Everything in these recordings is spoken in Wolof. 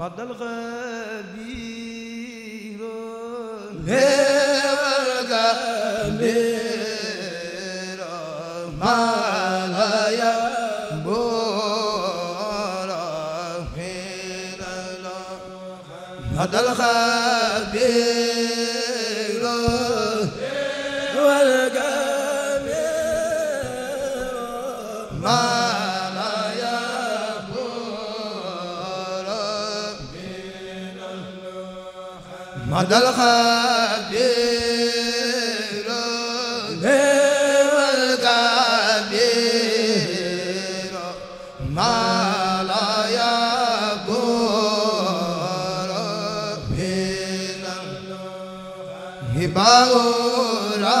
magal xabiiro dal xabiir wal madal xabiru lewal kabiru mala yaburu binam hibaura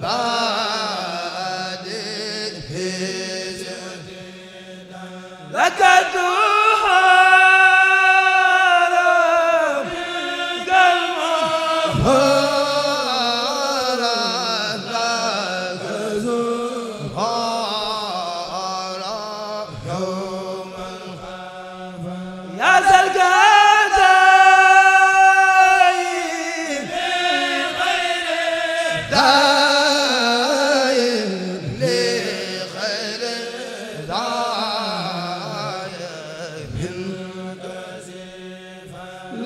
Bamba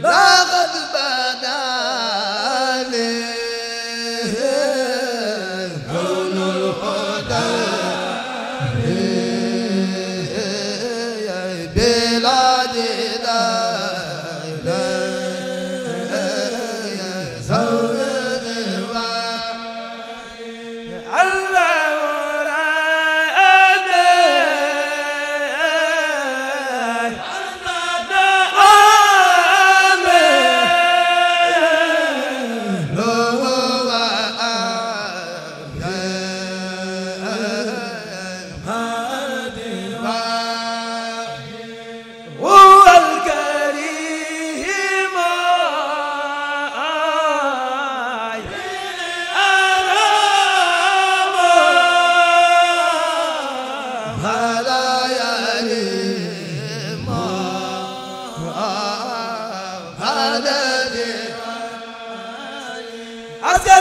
la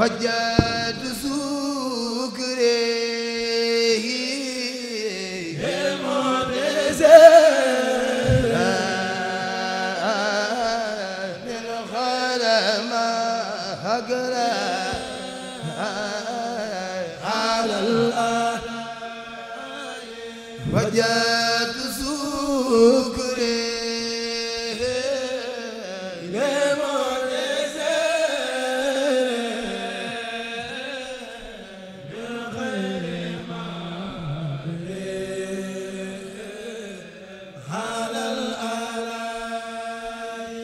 وجدت سكره بمعجزة من خلم هجرة على الأرض وجدت سكره